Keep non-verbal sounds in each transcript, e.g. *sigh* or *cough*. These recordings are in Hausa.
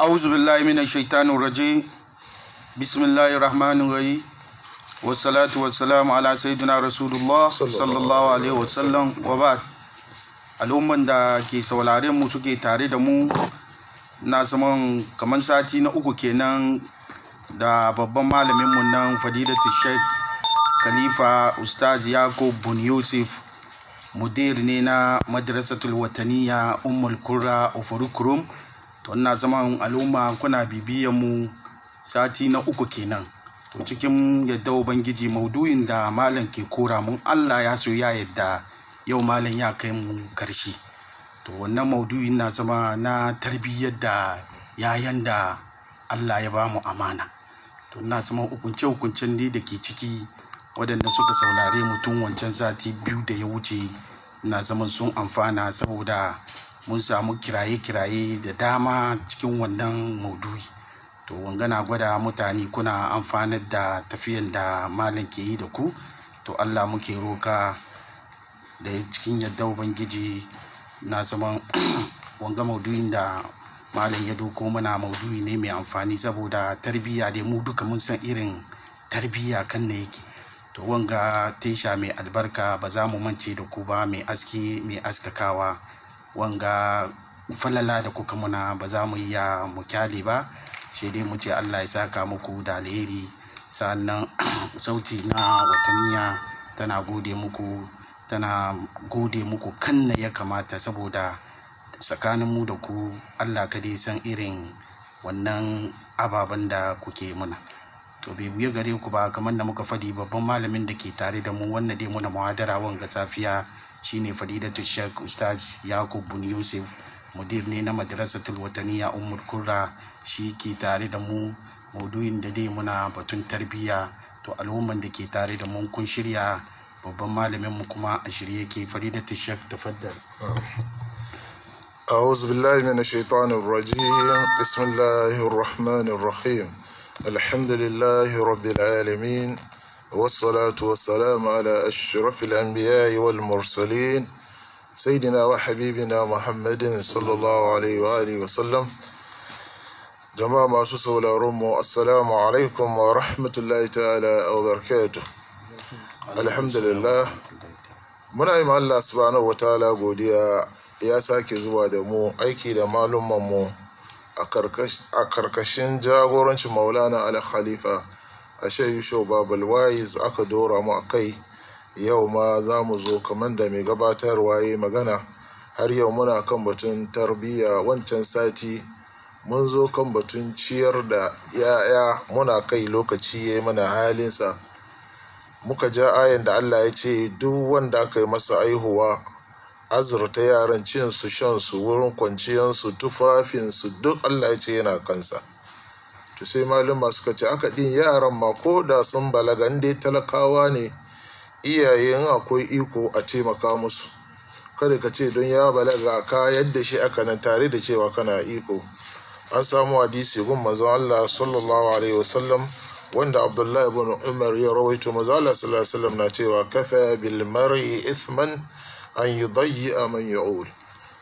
أعوذ بالله من الشيطان الرجيم بسم الله الرحمن الرحيم والصلاة والسلام على سيدنا رسول الله صلى al'umman da ke saurare mu suke tare da mu na saman kamar sati na uku kenan da babban malamin mu nan Fadila sheikh khalifa ustaz yakub bun yusuf mudir ne na madrasatul wataniya ummul qura ufurukurum to ina zaman al'umma kuna bibiyan mu sati na uku kenan to cikin yadda ubangiji maudu'in da malam ke kora mun Allah ya so ya yadda yau malam ya kai mu karshe to wannan maudu'in na zama na tarbiyyar da yayan da Allah ya bamu amana to ina zama hukunce hukuncen ne da ke ciki waɗanda suka saurare mutum wancan sati biyu da ya wuce na zaman sun amfana saboda mun samu kiraye-kiraye da dama cikin wannan maudu'i to na gwada mutane kuna amfanar da tafiyan da malam ke yi da ku to allah muke roka da cikin yadda ubangiji na zama *clears throat* wanga maudu'in da malam ya doko mana maudu'i ne mai amfani saboda tarbiyya dai mu duka mun san irin tarbiyya kan ne yake to wanga tesha mai albarka ba za mu mance da ku ba mai aski mai askakawa wanga falala da kuka muna ba za mu iya mu kyale ba sai dai mu ce Allah ya saka muku da alheri sannan *clears throat* sauti na wataniya tana gode muku tana gode muku kanna ya kamata saboda tsakanin mu da ku Allah ka dai san irin wannan ababen da kuke muna to bai buya gare ku ba kamar da muka fadi babban malamin da ke tare da mu wannan dai muna muhadara ga safiya shine fadidatu sheikh ustaz yakub bin yusuf mudir ne na madrasatul wataniya ummul kurra shi ke tare da mu maudu'in da dai muna batun tarbiyya to al'umman da ke tare da mu kun shirya babban malamin mu kuma a shirye yake faridatu shek tafaddal أعوذ بالله من الشيطان الرجيم بسم الله الرحمن الرحيم الحمد لله رب العالمين والصلاة والسلام على أشرف الأنبياء والمرسلين سيدنا وحبيبنا محمد صلى الله عليه وآله وسلم جماعة معسوسة ولا رمو السلام عليكم ورحمة الله تعالى وبركاته الحمد لله muna الله سبحانه وتعالى subhanahu wataala godiya ya sake zuwa da mu a karkashin jagorancin maulana al khalifa a shayi shoba balwais aka dora mu a kai yau ma za mu zo kamar da mai gabatarwa ya magana har yau muna kan batun tarbiyya wancan sati mun zo kan batun ciyar da ya'ya muna kai lokaci ya yi mana halinsa muka ja ayan da allah ya ce duk wanda aka yi masa aihuwa azurta yaran cin su shan su wurin kwanciyar su tufafin su duk Allah ya ce yana kansa to sai malama suka ce aka din yaran ma ko da sun balaga dai talakawa ne iyayen akwai iko a taimaka musu kada ka ce don ya balaga ka yadda shi aka nan tare da cewa kana iko an samu hadisi gun manzon Allah sallallahu alaihi wasallam wanda Abdullahi ibn Umar ya rawaito manzon Allah sallallahu alaihi wasallam na cewa kafa bil mar'i ithman an yi dayi a man ya'ul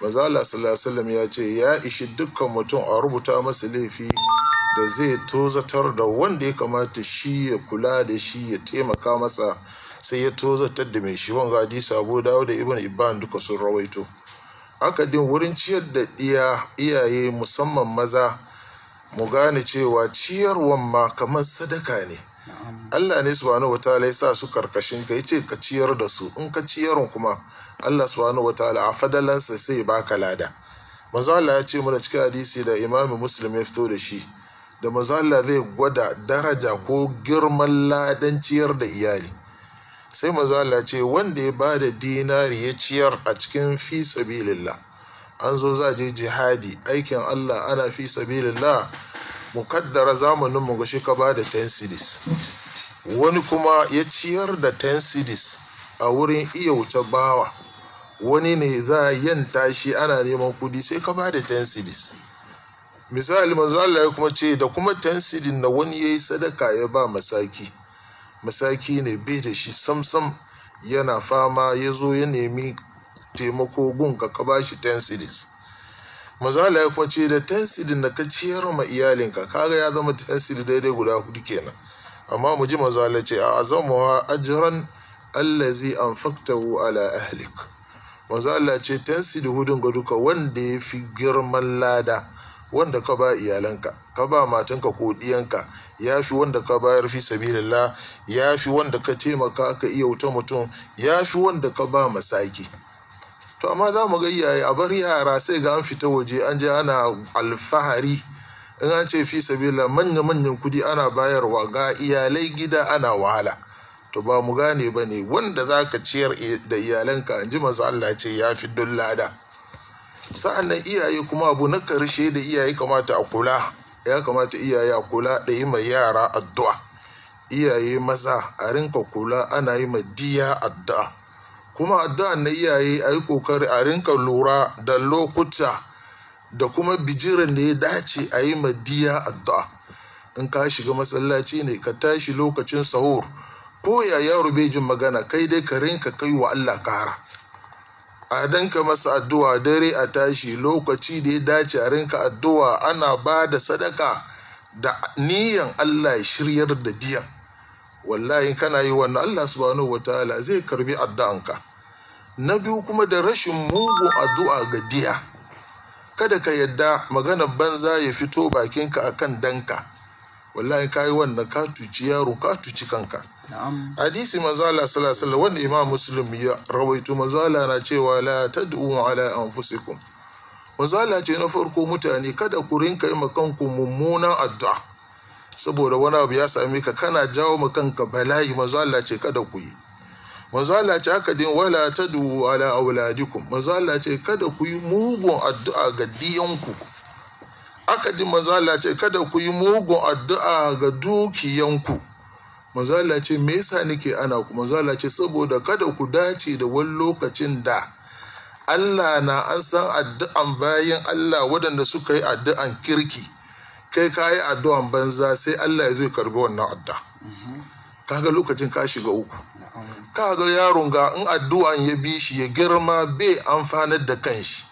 mazala sallallahu ya ce ya ishi dukkan mutum a rubuta masa laifi da zai tozatar da wanda ya kamata shi ya kula da shi ya taimaka masa sai ya tozatar da mai shi wanga saboda dawo da ibn ibban duka sun rawaito haka din wurin ciyar da iya iyaye musamman maza mu gane cewa ciyarwan ma kamar sadaka ne Allah ne subhanahu wataala ya sa su karkashin ka yace ka ciyar da su in ka ciyarun kuma Allah subhanahu wataala a fadalansa sai ya baka lada manzo Allah ya ce mana cikin hadisi da Imam Muslim ya fito da shi da manzo zai gwada daraja ko girman ladan ciyar da iyali sai manzo Allah ce wanda ya bada dinari ya ciyar a cikin fi sabilillah an zo za je jihadi aikin Allah ana fi sabilillah mukaddara zamanin mu ga shi ka da 10 cedis wani kuma ya ciyar da ten cities a wurin iya wuce bawa wani ne za a yanta shi ana neman kudi sai ka ba da ten cities misali za ya kuma ce da kuma ten cities na wani ya yi sadaka ya ba masaki masaki ne bai da shi samsam yana fama ya zo ya nemi taimako gun ka ka shi ten cities mazala ya kuma ce da ten cities da ka ciyar ma iyalinka kaga ya zama ten cities daidai guda hudu kenan amma mu ji manzo Allah ce a azamuha ajran allazi anfaqtahu ala ahlik manzo Allah ce da hudun ga duka wanda ya fi girman lada wanda ka ba iyalanka ka ba matanka ko diyanka ya fi wanda ka bayar fi sabilillah ya fi wanda ka taimaka ka iya wuta mutum ya fi wanda ka ba masaki to amma za mu ga iyaye a bar yara sai ga an fita waje an je ana alfahari in an ce fi sabila manya-manyan kudi ana bayarwa ga iyalai gida ana wahala to ba mu gane ba ne wanda za ka ciyar da iyalanka in ji masu Allah ce ya fi don lada sa'an nan iyaye kuma abu na karshe da iyaye kamata a kula ya kamata iyaye a kula da yi mai yara addu'a iyaye maza a rinka kula ana yi mai diya addu'a kuma addu'a na iyaye a yi kokari a rinka lura da lokuta da kuma bijiran da ya dace a yi madiya addu'a in ka shiga masallaci ne ka tashi lokacin sahur ko ya yaro bai jin magana kai dai ka rinka kai wa Allah kara a danka masa addu'a dare a tashi lokaci da ya dace a rinka addu'a ana ba da sadaka da niyan Allah ya shiryar da diyan wallahi kana yi wannan Allah subhanahu wataala zai karbi addu'anka na biyu kuma da rashin mugun addu'a ga diya kada ka yadda maganar banza ya fito bakinka akan danka wallahi ka yi wannan ka tuci yaro ka tuci kanka hadisi manzo Allah sallallahu alaihi wasallam wanda imam muslim ya rawaito manzo Allah na cewa la tad'u ala anfusikum manzo Allah ce na farko mutane kada ku rinka yi ku mummunan addu'a saboda wani abu ya same ka kana jawo ma kanka bala'i manzo Allah ce kada ku yi manzo Allah ce aka din wala tadu ala auladikum manzo Allah ce kada ku yi mugun addu'a ga diyanku aka din manzo ce kada ku yi mugun addu'a ga dukiyanku manzo Allah ce me yasa nake ana ku manzo ce saboda kada ku dace da wani lokacin da Allah na an san addu'an bayan Allah waɗanda suka yi addu'an kirki kai ka yi addu'an banza sai Allah ya zai karbi wannan ka kaga lokacin ka shiga uku ka ga yaron ga in addu'an ya bi shi ya girma bai amfanar da kanshi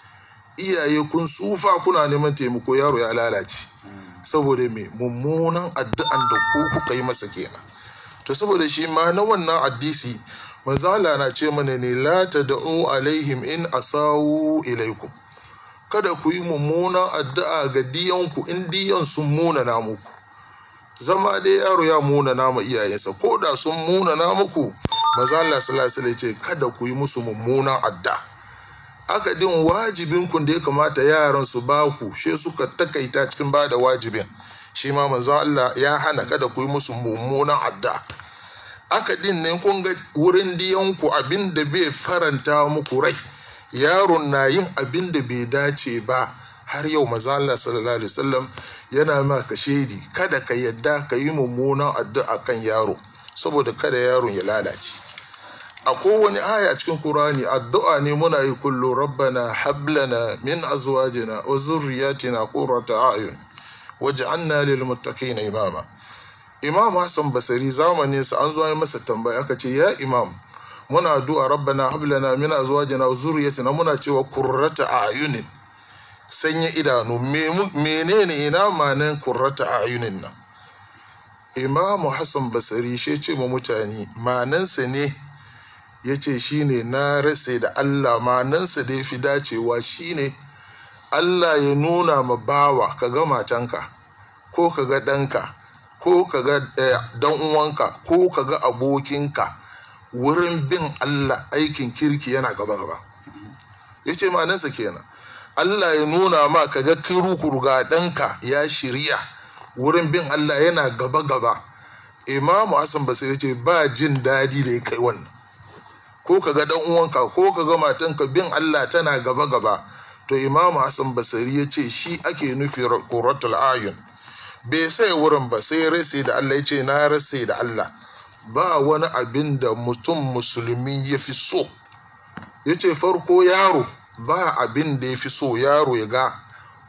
iyaye kun tsufa kuna neman taimako yaro ya lalace saboda me mummunan addu'an da ku kuka yi masa kenan to saboda shi ma na wannan addisi manzala na ce mana ne la tad'u alaihim in asawu ilaikum kada ku yi mummunan addu'a ga diyanku in diyan sun muna muku zama dai yaro ya muna nama iyayensa ko da sun muna na muku maza Allah sallallahu alaihi ce kada ku yi musu mummunan adda aka din wajibin kun da ya kamata yaran su ba ku she suka takaita cikin ba da wajibin shi ma manzo Allah ya hana kada ku yi musu mummunan adda aka din ne kun ga wurin diyanku abin da bai faranta muku rai yaron na yin abin da bai dace ba har yau maza sallallahu alaihi wasallam yana maka shaidi kada ka yadda ka yi mummunan addu'a kan yaro saboda kada yaron ya lalace a kowane aya cikin qur'ani addu'a ne muna yi kullu rabbana hablana min azwajina wa zurriyatina qurrata a'yun waj'alna lil muttaqina imama Imam Hassan Basari zamanin sa an zo masa tambaya aka ce ya Imam muna addu'a rabbana hablana min azwajina wa zurriyatina muna cewa qurrata a'yunin sanya idanu menene ina manan kurrata a ayunin nan imamu hassan basari shi ce ma mutane manansa ne ya ce shi ne na rasa da allah manansa da ya fi dacewa shi ne allah ya nuna ma bawa ka ga matanka ko ka ga ɗanka ko ka ga dan eh, uwanka ko ka ga abokinka wurin bin allah aikin kirki yana gaba-gaba ya ce manansa kenan Allah ya nuna ma ka ga kiru kurga ɗanka ya shirya wurin bin Allah yana gaba gaba imamu Hassan Basiri ce ba jin daɗi da ya kai wannan ko ka ga dan uwanka ko ka ga matanka bin Allah tana gaba gaba to imamu Hassan Basiri ya ce shi ake nufi qurratul ayun bai sai wurin ba sai rase da Allah ya ce na rase da Allah ba wani abin da mutum musulmi ya fi so ya ce farko yaro ba abin da ya fi so yaro ya ga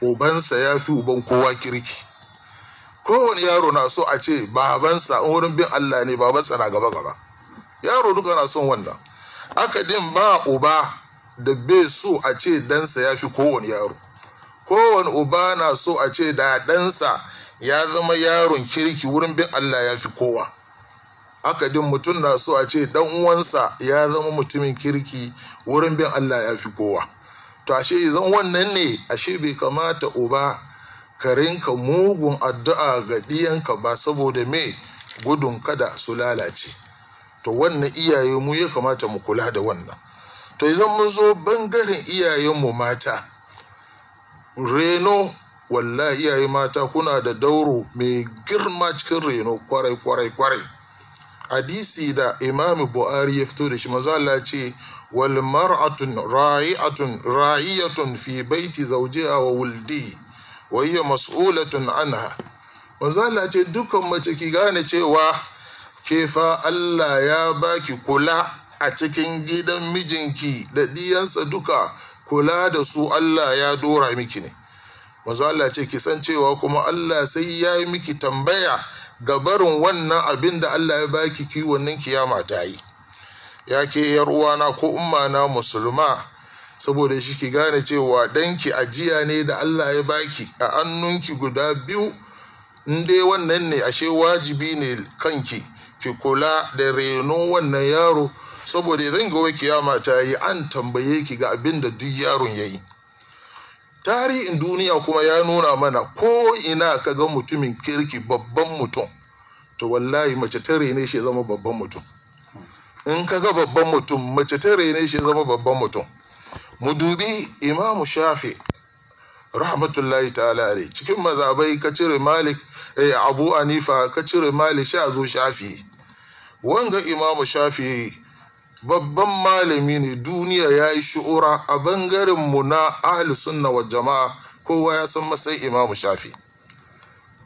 ubansa ya fi uban kowa kirki kowane yaro na so a ce babansa wurin bin Allah ne babansa na gaba gaba yaro duka na son wannan akadin ba uba da bai so a ce dansa ya fi kowane yaro kowane uba na so a ce da dansa ya zama yaron kirki wurin bin Allah ya fi kowa akadin mutum na so a ce dan uwansa ya zama mutumin kirki wurin bin Allah ya fi kowa to ashe zan wannan ne ashe bai kamata uba ka rinka mugun addu'a ga ɗiyanka ba saboda me gudun kada su lalace to wannan iyaye mu ya kamata mu kula da wannan to idan mun zo bangaren iyayenmu mata reno walla iyaye mata kuna da dauro mai girma cikin reno kwarai kwarai kwarai hadisi da imamu buhari ya fito da shi maza Allah ce wal mar'atun ra'i'atun ra'iyatun fi baiti zawjiha wa wuldi wa hiya mas'ulatun anha manzo Allah dukkan mace ki gane cewa ke fa Allah ya baki kula a cikin gidan mijinki da ɗiyansa duka kula da su Allah ya dora miki ne manzo Allah ki san cewa kuma Allah sai ya yi miki tambaya ga barin wannan abin da Allah ya baki ki wannan kiyama ta ya ke yar uwana ko ummana musulma saboda shi ki gane cewa danki ajiya ne da Allah ya baki a annunki guda biyu in dai wannan ne ashe wajibi ne kanki ki kula da reno wannan yaro saboda idan gobe kiyama ta yi an tambaye ki ga abin da duk yaron ya yi tarihin duniya kuma ya nuna mana ko ina ka ga mutumin kirki babban mutum to wallahi mace ta ne shi zama babban mutum in ka ga babban mutum mace ta raine shi zama babban mutum mu dubi imamu shafi rahmatullahi ta'ala alai cikin mazabai ka cire malik eh, abu anifa ka cire malik sha zo shafi wanga imamu shafi babban malami ne duniya ya yi shu'ura a bangaren mu na ahli sunna wa jama'a kowa ya san masai imamu shafi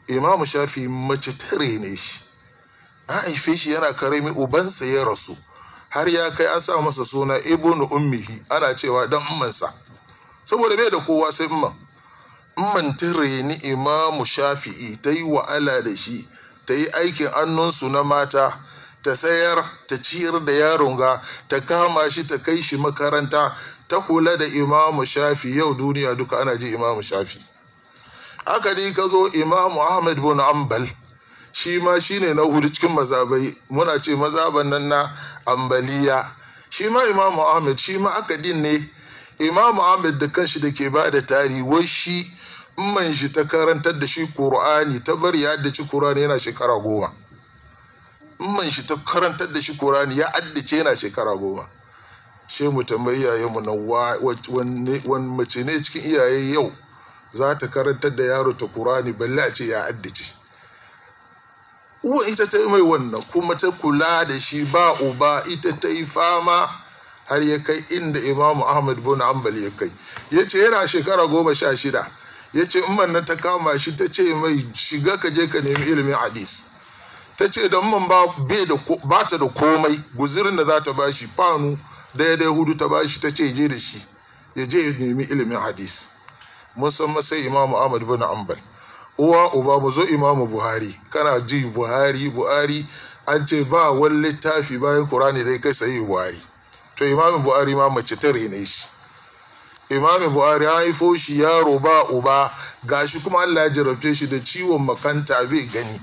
imamu shafi mace tare ne shi an haife shi yana karami ubansa ya rasu har ya kai an sa masa suna ibn ummihi ana cewa dan ummansa saboda bai da kowa sai umman umman ta reni imamu shafi'i ta yi wa'ala da shi ta yi aikin annunsu na mata ta sayar ta ciyar da yaron ga ta kama shi ta kai shi makaranta ta kula da imamu shafi yau duniya duka ana ji imamu shafi haka dai ka zo imamu ahmad bin ambal shi ma ne na hudu cikin mazabai muna ce mazaban nan na ambaliya shi ma imamu ahmed shi ma din ne imamu ahmed da kanshi da ke ba da tari wai shi man shi ta karantar da shi qur'ani ta bari ya addace qur'ani yana shekara goma man shi ta karantar da shi qur'ani ya addace yana shekara goma shi mu tambayi iyaye mu na wani mace ne cikin iyaye yau za ta karantar da yaro ta qur'ani balle a ce ya addace uwa ita ta yi mai wannan kuma ta kula da shi ba uba ita ta yi fama har ya kai inda imamu ahmad bin ambal ya kai ya ce yana shekara goma sha shida ya ce in ta kama shi ta ce mai shiga ka je ka nemi ilimin hadis ta ce da man ba ta da komai guzirin da za ta ba shi fanu daidai hudu ta ba shi ta ce je da shi ya je ya nemi ilimin hadis mun san imamu ahmad bin ambal uwa uba mu zo imamu buhari kana ji buhari buhari an ce ba wani littafi bayan kurani da ya kai sayi buhari to imamu buhari ma mace ta rene shi imamin buhari ya haifo shi yaro ba uba ga shi kuma allah ya jarabce shi da ciwon makanta bai gani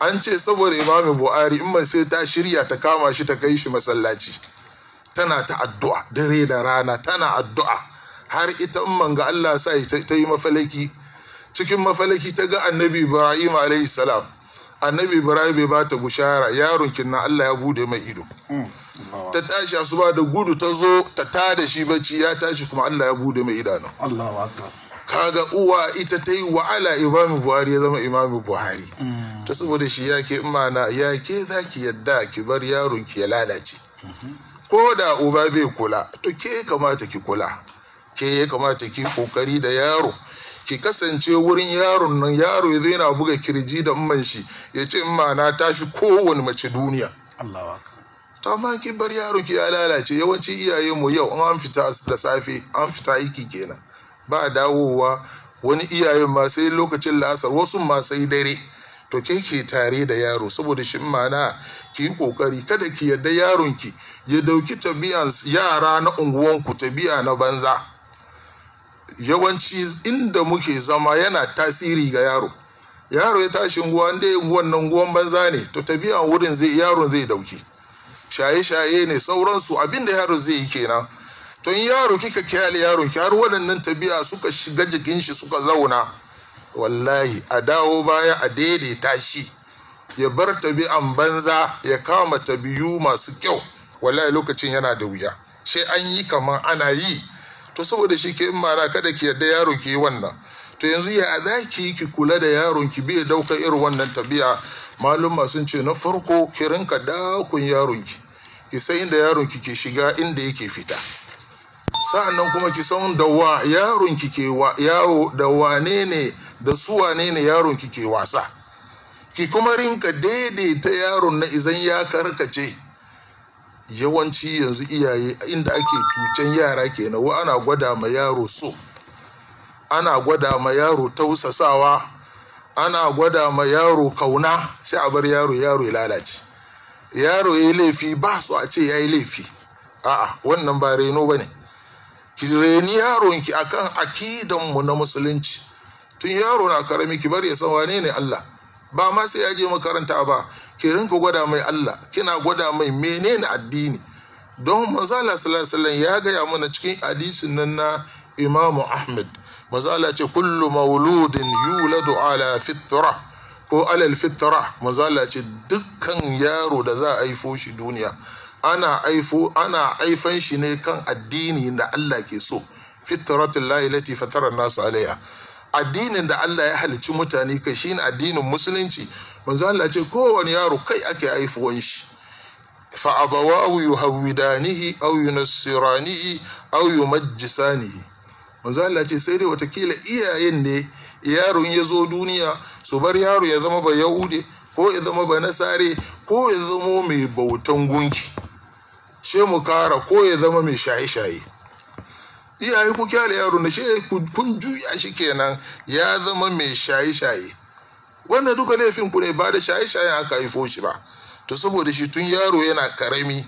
an ce saboda imamin buhari in mace ta shirya ta kama shi ta kai shi masallaci tana ta addu'a dare da rana tana addu'a har ita in manga allah sa ta yi mafalaki cikin mafalaki ta ga annabi ibrahim alaihi salam annabi ibrahim bai bata bushara yaron kinna allah ya bude mai ido mm. ta tashi asuba da gudu ta zo ta tada shi bacci ya tashi kuma allah ya bude mai idanu kaga uwa ita ta yi wa'ala imamu buhari ya zama imamu buhari mm. ta saboda shi ya ke imana ya ke za ki yadda ki bar yaron ki ya lalace mm-hmm. ko da uba bai kula to ke kamata ki kula ke ya kamata ki kokari da yaro ki kasance wurin yaron nan yaro ya na buga kirji da umman shi ya ce ma na tashi kowane mace duniya ta ma ki bar yaro ki ya lalace yawanci iyaye mu yau an fita da safe an fita aiki kenan ba dawowa wani iyayen ma sai lokacin la'asar wasu ma sai dare to ke ke tare da yaro saboda shi ma'ana ki yi kokari kada ki yarda yaron ki ya dauki tabiyan yara na unguwanku tabiya na banza yawanci inda muke zama yana tasiri ga yaro yaro ya tashi unguwa inda ya wannan nguwan banza ne to tabiya wurin zai yaron zai dauki shaye-shaye ne sauransu abinda yaro zai yi kenan to yaro kika kyale yaro ki har waɗannan tabiya suka shiga jikin shi suka zauna wallahi a dawo baya a daidaita shi ya bar tabi'an banza ya kama tabiyu masu kyau wallahi lokacin yana da wuya sai an yi kamar ana yi to saboda shi ke in mara kada ki yarda yaron ki yi wannan to yanzu ya za ki ki kula da yaron ki bai daukar irin wannan tabi'a malum sun ce na farko ki rinka dakun yaron ki ki san inda yaron ki ke shiga inda yake fita sa'annan kuma ki san da wa yaron ki ke wa yawo da wane ne da su wane ne yaron ki ke wasa ki kuma rinka daidaita yaron na izan ya karkace yawanci yanzu iyaye inda ake cucen yara ke wa ana gwada ma yaro so ana gwada ma yaro tausasawa ana gwada ma yaro kauna sai a bar yaro yaro ya lalace yaro ya yi laifi ba su a ce ya yi laifi a'a wannan ba reno ba ne ki reni yaronki akan akidanmu na musulunci tun yaro na karami ki bari ya san wane ne Allah ba ma sai ya je makaranta ba ki rinka gwada mai Allah kina gwada mai menene addini don manzo Allah ya gaya mana cikin hadisin nan na Imam Ahmad manzo Allah ce kullu mauludin yuladu ala fitra ko alal fitra manzo ce dukkan yaro da za a haifo shi duniya ana haifan shi ne kan addini da Allah ke so fitratul lahi lati fatara nasu alaya. addinin da Allah ya halicci mutane kai shine addinin musulunci manzo Allah ce kowane yaro kai ake haifuwan shi fa abawahu yuhawidanihi aw yunassiranihi aw yumajjisanihi manzo Allah ce sai dai watakila iyayen ne yaron ya zo duniya su bar yaro ya zama ba yahude ko ya zama ba nasare ko ya zama mai bautan gunki she kara ko ya zama mai shaye-shaye iyaye ku kyale yaro na shi kun juya shi kenan ya zama mai shaye-shaye wannan duka laifin ku ne ba da shaye-shayen aka haifo shi ba to saboda shi tun yaro yana karami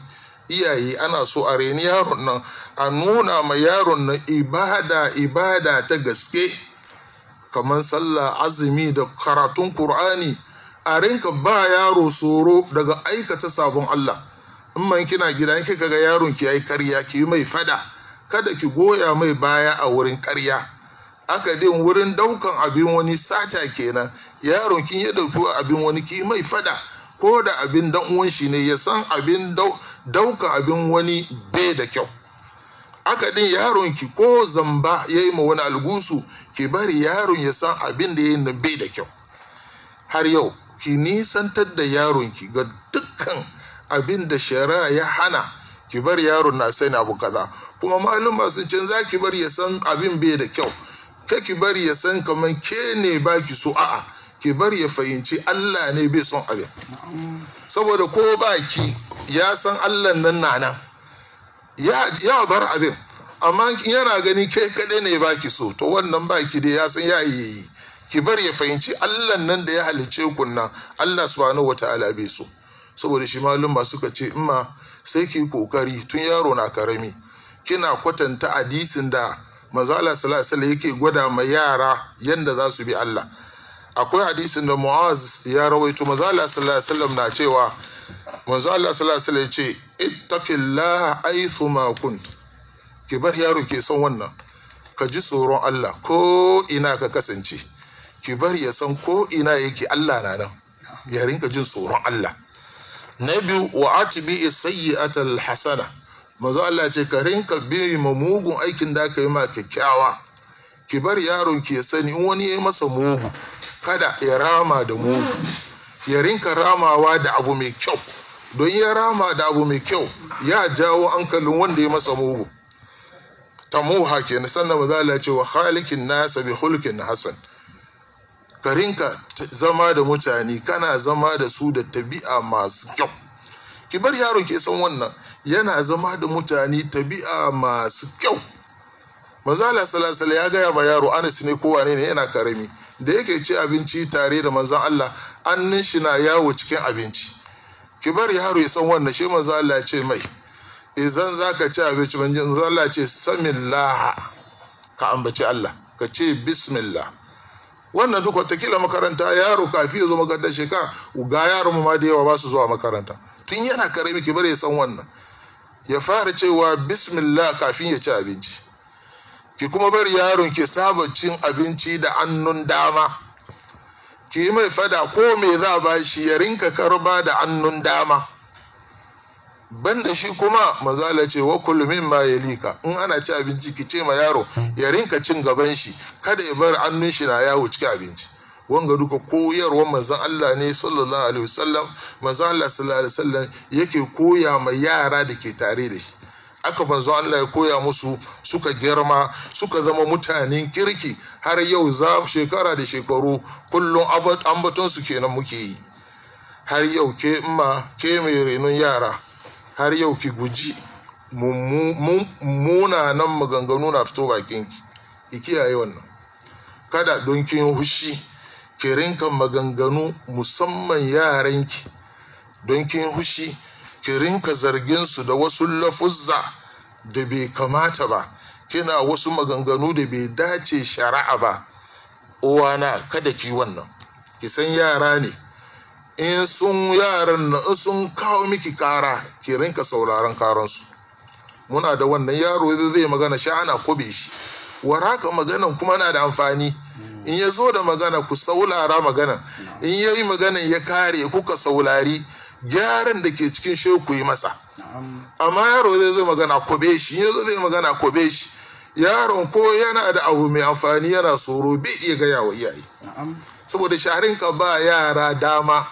iyaye ana so a reni yaron nan a nuna ma yaron nan ibada ibada ta gaske kamar sallah azumi da karatun qur'ani a rinka ba yaro tsoro daga aikata sabon allah in kina gida kika ga yaron ki yayi karya ki mai fada kada ki goya mai baya a wurin karya akadin wurin daukan abin wani sata kenan yaron kin ya dauki abin wani ki mai fada ko da abin dan uwan shi ne ya san abin dauka abin wani bai da kyau akadin yaron ki ko zamba yayi ma wani algusu ki bari yaron ya san abin da yayin nan bai da kyau har yau ki nisantar da yaron ki ga dukkan abin da shari'a ya hana ki bar yaron na sani abu kaza kuma maluma sun can zaki bar ya san abin bai da kyau ka ki bar ya san kamar ke ne ba ki so a'a ki bar ya fahimci Allah ne bai son abin saboda ko ba ki ya san Allah nan na nan ya bar abin amma yana gani ke kaɗai ne ba ki so to wannan ba ki dai ya san ya yi ki bar ya fahimci Allah nan da ya halice kunna Allah subhanahu wataala bai so saboda shi malum ba suka ce in ma sai ki kokari tun yaro na karami kina kwatanta hadisin da manzo Allah yake gwada ma yara yanda za su bi Allah akwai hadisin da Mu'az ya rawaito manzo Allah na cewa manzo Allah sallallahu ya ce ittaqillaha ma kunt ki bar yaro ke son wannan ka ji tsoron Allah ko ina ka kasance ki bar ya san ko ina yake Allah na nan ya rinka jin tsoron Allah na biyu wa atibi sayyi'atal hasana manzo Allah ce ka rinka bi ma mugun aikin da aka yi ma kyakkyawa ki bar yaron ki ya sani in wani ya yi masa mugu kada ya rama da mugu ya rinka ramawa da abu mai kyau don ya rama da abu mai kyau ya jawo ankalin wanda ya masa mugu tamuha kenan sannan manzo Allah ce wa khaliqin nasa bi khulqin hasan ka rinka zama da mutane kana zama da su da tabi'a masu kyau ki bar yaro ke san wannan yana zama da mutane tabi'a masu kyau manzala salasala ya gaya ma yaro anas ne kowa ne yana karami da yake ci abinci tare da manzan Allah annin shi na yawo cikin abinci ki bar yaro ya san wannan shi manzan Allah ce mai idan ka ci abinci manzan Allah ce samillaha ka ambaci Allah ka ce bismillah wannan duk kila makaranta yaro kafi ya zo makaranta shekara ga yaron ma da yawa ba su zuwa makaranta tun yana karami ki bare san wannan ya fara cewa bismillah kafin ya ci abinci ki kuma bari yaron ki saba cin abinci da hannun dama ki yi mai fada ko me za ba shi ya rinka karba da hannun dama banda shi kuma mazala ce wa ma ya lika in ana ci abinci ki ce ma yaro ya rinka cin gaban shi kada ya bar hannun shi na yawo cikin abinci wanga duka koyarwar manzon Allah ne sallallahu alaihi wasallam manzon Allah sallallahu alaihi wasallam yake koya ma yara da ke tare da shi aka manzo Allah ya koya musu suka girma suka zama mutanen kirki har yau za shekara da shekaru kullum ambaton su kenan muke yi har yau ke ma ke mai renon yara har yau ki guji munanan maganganu na fito bakin ki kiyaye wannan kada don kin hushi ki rinka maganganu musamman yaranki don kin hushi ki rinka zargin su da wasu lafuzza da bai kamata ba kina wasu maganganu da bai dace shari'a ba uwana kada ki wannan ki san yara ne in sun yaran na in sun kawo miki kara ki rinka sauraron karansu muna da wannan yaro zai magana shi ana kube shi waraka maganan kuma na da amfani in ya zo da magana ku saulara magana in ya yi magana ya kare kuka saulari gyaran da ke cikin shi ku yi masa amma yaro zai zai magana kube shi in ya zo zai magana kube shi yaron ko yana da abu mai amfani yana tsoro bai iya gaya wa iyaye saboda sharinka ba yara dama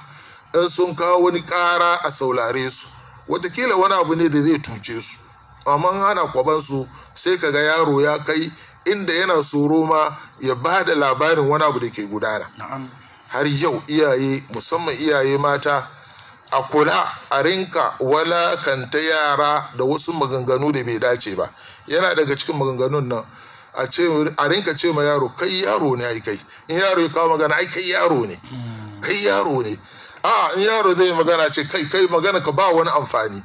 in sun kawo wani ƙara a saulare su watakila wani abu ne da zai tuce su amma hana su sai ka ga yaro ya kai inda yana tsoro ma ya ba da labarin wani abu da ke gudana har yau iyaye musamman iyaye mata a kula a rinka walakanta yara da wasu maganganu da bai dace ba yana daga cikin maganganun nan a rinka ce ma yaro kai yaro ne ai kai in yaro ya kawo magana ai kai yaro ne hmm. kai yaro ne a in yaro zai magana ce kai kai magana ka ba wani amfani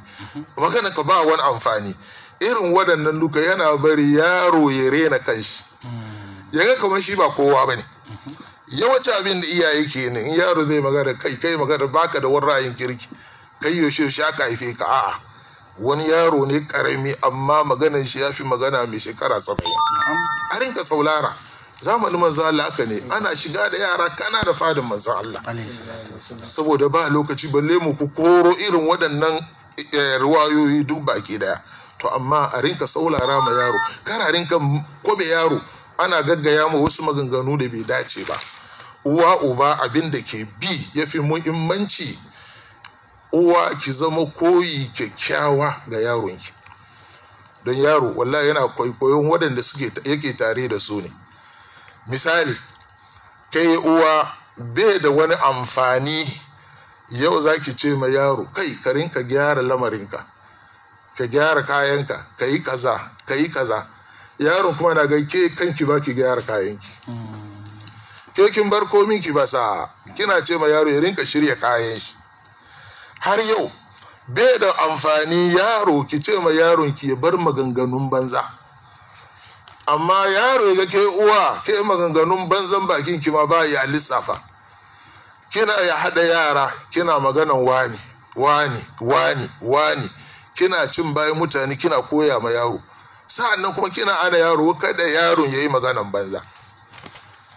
magana ka ba wani amfani irin waɗannan duka yana bari yaro ya rena kanshi ya ga kamar shi ba kowa ba bane yawanci abin da iyaye ke ne in yaro zai magana kai kai magana baka da wani kirki kai yaushe yaushe aka haife ka a'a wani yaro ne karami amma maganar shi ya fi magana mai shekara saba'in a rinka saulara zamanin manzo Allah haka ne ana shiga da yara kana da fadin manzo Allah saboda ba lokaci balle mu ku koro irin waɗannan eh, ruwayoyi duk baki daya to amma a rinka saulara ma yaro kar a rinka kome yaro ana gaggaya ma wasu maganganu da bai dace ba uwa uba abin da ke bi yafi muhimmanci uwa ki zama koyi kyakkyawa ga yaronki don yaro wallahi yana kwaikwayon waɗanda yake tare da su ne misali kai uwa bai da wani amfani yau za ki ce ma yaro kai ka rinka gyara lamarinka ka gyara kayanka ka yi kaza ka yi kaza yaron kuma na ga ke kanki ba ki gyara kayanki ke kin bar komin ki ba sa kina ce ma yaro ya rinka shirya kayan shi har yau bai da amfani yaro ki ce ma yaron ki ya bar maganganun banza amma yaro ga ke uwa ke maganganun banzan bakin ki ma ba ya lissafa kina ya haɗa yara kina maganan wani wani wani wani kina cin bayan mutane kina koya ma yaro sa'annan kuma kina ana yaro kada yaron ya yi maganan banza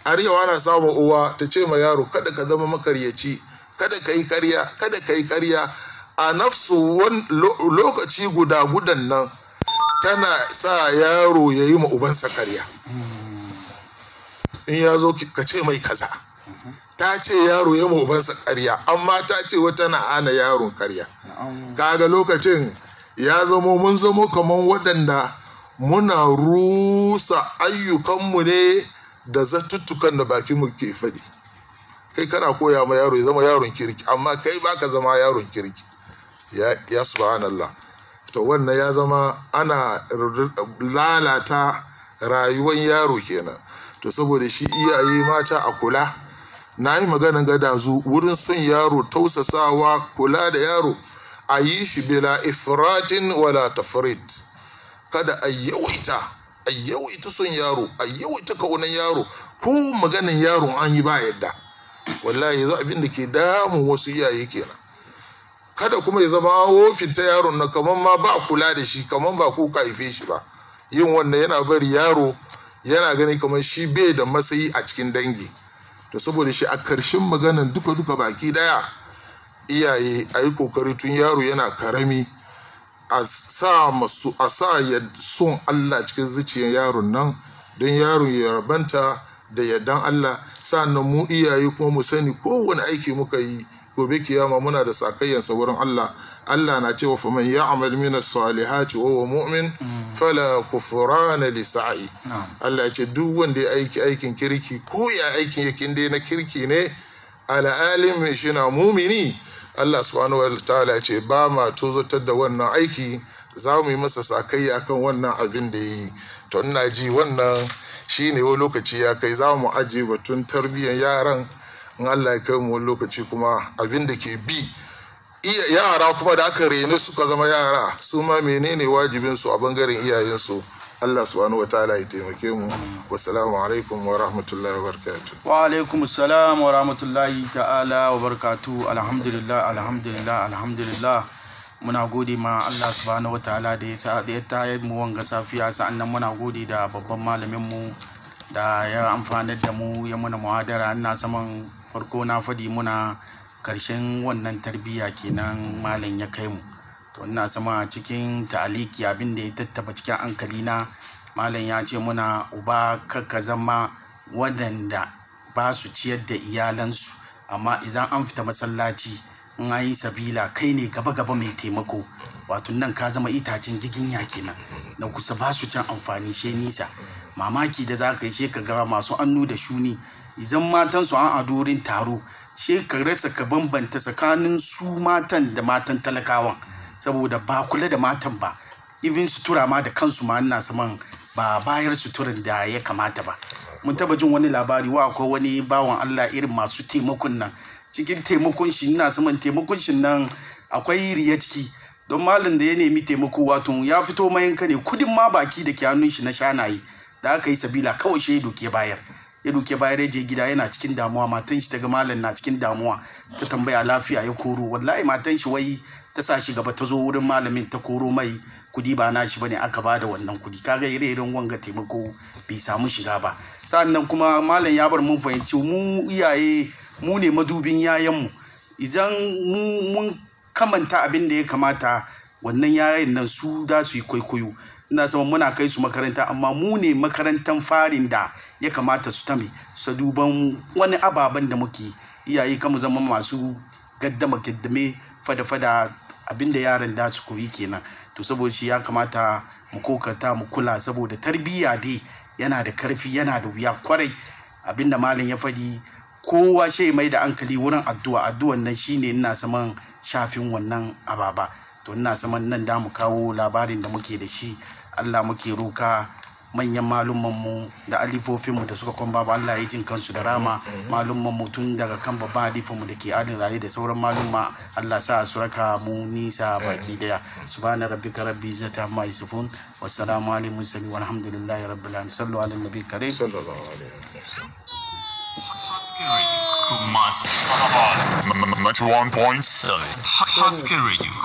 har ana samun uwa ta ce ma yaro kada ka zama makaryaci kada ka yi karya kada ka yi karya a nafsu lokaci guda gudan nan tana sa yaro ya yi ma ubansa karya in ya zo ka ce mai kaza ta ce yaro ya yi ubansa karya amma ta ce wata na ana yaron karya kaga lokacin ya zamo mun zamo kamar waɗanda muna rusa ayyukanmu ne da zatuttukan da baki mu ke faɗi kai kana koya ma yaro ya zama yaron kirki amma kai baka zama yaron kirki ya subhanallah to wannan ya zama ana lalata rayuwar yaro kenan to saboda shi iyaye mata a kula na yi maganin ga dazu wurin son yaro tausasawa kula da yaro a yi shi bila ifratin wala tafrit kada a yawaita a yawaita son yaro a yawaita kaunan yaro ko maganin yaro an yi ba yadda wallahi za abin da ke damun wasu iyaye kenan kada kuma ya zama wofin ta yaron na kamar ma ba kula da shi kamar ba ku haife shi ba yin wannan yana bari yaro yana gani kamar shi bai da matsayi a cikin dangi to saboda shi a karshen maganan duka duka baki daya iyaye a yi kokari tun yaro yana karami a sa masu a sa ya son Allah cikin zuciyar yaron nan don yaron ya rabanta da yardan Allah sannan mu iyaye kuma mu sani kowane aiki muka yi gobe kiyama muna da sakayyan wurin Allah Allah na cewa fa man ya'mal min as-salihati wa huwa mu'min fala kufrana li sa'i Allah ya ce duk wanda ya aiki aikin kirki ko ya aikin yakin dai na kirki ne ala alim shi na mumini Allah subhanahu wa ta'ala ce ba ma tozotar da wannan aiki za mu yi masa sakayya akan wannan abin da yi to ina ji wannan shine wani lokaci ya kai za mu ajiye batun tarbiyyar yaran in Allah ya kai mu wani lokaci kuma abin da ke bi yara kuma da aka rene suka zama yara su ma menene wajibin su a bangaren iyayensu Allah subhanahu wa ta'ala ya taimake mu wassalamu alaikum wa rahmatullahi wa barakatuh wa alaikum assalam wa rahmatullahi ta'ala wa barakatuh alhamdulillah alhamdulillah alhamdulillah muna gode ma Allah subhanahu ta'ala da ya sa da ya tayar mu wanga safiya sa'annan muna gode da babban malamin mu da ya amfanar da mu ya muna muhadara ina saman farko na fadi muna karshen wannan tarbiyya kenan malam ya kai mu to ina sama cikin ta'aliki abin da ya tattaba cikin hankali na malam ya ce muna uba kakka zama waɗanda ba su ciyar da iyalansu amma idan an fita masallaci in an yi sabila kai ne gaba gaba mai taimako wato nan ka zama itacen giginya kenan na kusa ba su can amfani she nisa mamaki da za ka yi ka ga masu annu da shuni idan matan su an adorin taro she ka rasa ka bambanta tsakanin su matan da matan talakawa, saboda ba kula da matan ba even sutura ma da kansu ma ina saman ba bayar suturin da ya kamata ba mun taba jin wani labari wa akwai wani bawan Allah irin masu taimakon nan cikin taimakon shi ina saman taimakon shi nan akwai riya ciki don malin da ya nemi taimako wato ya fito mayanka ne kudin ma baki da kyanun shi na shanaye da aka yi sabila kawai shaidu ke bayar ya duke bayan da je gida yana cikin damuwa matan shi daga malam na cikin damuwa ta tambaya lafiya ya koro wallahi matan shi wai ta sa shi gaba ta zo wurin malamin ta koro mai kudi ba nashi bane aka ba da wannan kudi kaga ire-iren wanga taimako bai samu shiga ba sannan kuma malam ya bar mun fahimci mu iyaye mu ne madubin ya'yan mu idan mu mun kamanta abin da ya kamata wannan yayan nan su da su yi kwaikwayo ina sama muna kai su makaranta amma mu ne makarantar farin da ya kamata su tami su duban wani ababen da muke iyaye kama zama masu gaddama gaddame fada-fada abinda yaran da su koyi kenan to saboda shi ya kamata mu kokata mu kula saboda tarbiyya dai yana da karfi yana da wuya kwarai abinda malam ya fadi kowa shi mai da hankali wurin addu'a addu'an nan shine ina saman shafin wannan ababa to ina saman nan da mu kawo labarin da muke da shi Allah muke roka manyan mu da alifofinmu da suka kwamba ba Allah ya jin kansu da rama malumman mu tun daga kan babban alifinmu da ke adin raye da sauran malumma Allah sa su raka mu nisa baki daya subhana rabbika rabbi izzati amma yasifun wassalamu alal wa alhamdulillahi rabbil alamin sallu ala nabi kare sallallahu alaihi wasallam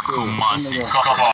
Kumasi,